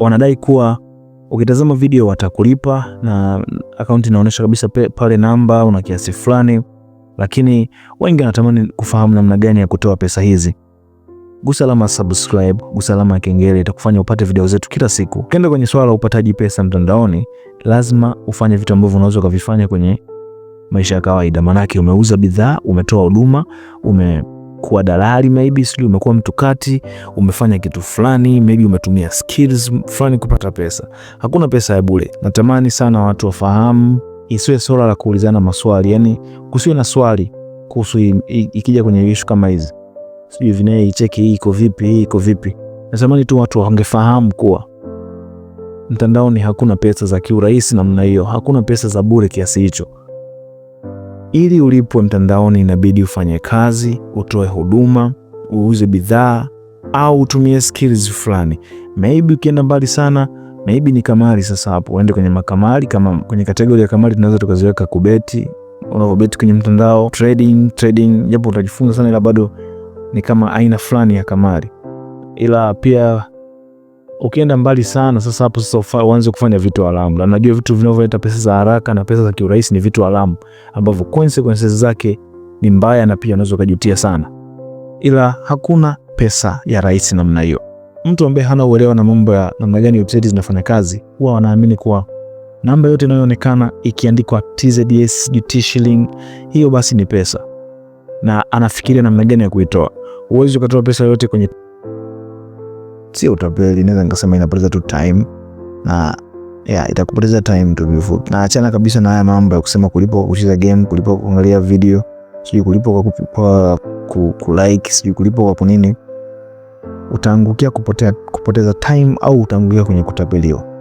wanadai kuwa ukitazama video watakulipa na akaunti inaonyesha kabisa pale namba una kiasi fulani, lakini wengi wanatamani kufahamu namna gani ya kutoa pesa hizi. Gusa alama subscribe, gusa alama ya kengele itakufanya upate video zetu kila siku. Kenda kwenye swala la upataji pesa mtandaoni, lazima ufanye vitu ambavyo unaweza ukavifanya kwenye maisha ya kawaida, maanake umeuza bidhaa, umetoa huduma, ume umekuwa dalali maybe, sijui umekuwa mtu kati, umefanya kitu fulani maybe, umetumia skills fulani kupata pesa. Hakuna pesa ya bure. Natamani sana watu wafahamu, isiwe swala la kuulizana maswali, yani kusiwe na swali kuhusu ikija kwenye issue kama hizi, sijui vinae icheki hii iko vipi, hii iko vipi. Natamani tu watu wangefahamu kuwa mtandaoni hakuna pesa za kiurahisi namna hiyo, hakuna pesa za bure kiasi hicho. Ili ulipwe mtandaoni, inabidi ufanye kazi, utoe huduma, uuze bidhaa au utumie skills fulani. Maybe ukienda mbali sana, maybe ni kamari. Sasa hapo uende kwenye makamari, kama kwenye kategori ya kamari tunaweza tukaziweka kubeti, unabeti kwenye mtandao, trading, trading, japo utajifunza sana, ila bado ni kama aina fulani ya kamari, ila pia Ukienda mbali sana sasa, hapo sasa uanze kufanya vitu haramu, na najua vitu vinavyoleta pesa za haraka na pesa za kiurahisi ni vitu haramu ambavyo consequences zake ni mbaya, na pia unaweza kujutia sana, ila hakuna pesa ya rahisi namna hiyo. Mtu ambaye hana uelewa na mambo ya namna gani website zinafanya kazi huwa wanaamini kuwa namba yote inayoonekana ikiandikwa TZS, GT shilling, hiyo basi ni pesa, na anafikiria namna gani ya kuitoa. Huwezi ukatoa pesa yote kwenye sio utapeli, naweza nikasema inapoteza tu time na yeah, itakupoteza time tu hivyo. Na achana kabisa na haya mambo ya kusema kulipo kucheza game, kulipo kuangalia video, sio kulipo kwa kwa ku like, sio kulipo kwa kunini, utaangukia kupotea kupoteza time au utaangukia kwenye kutapeliwa.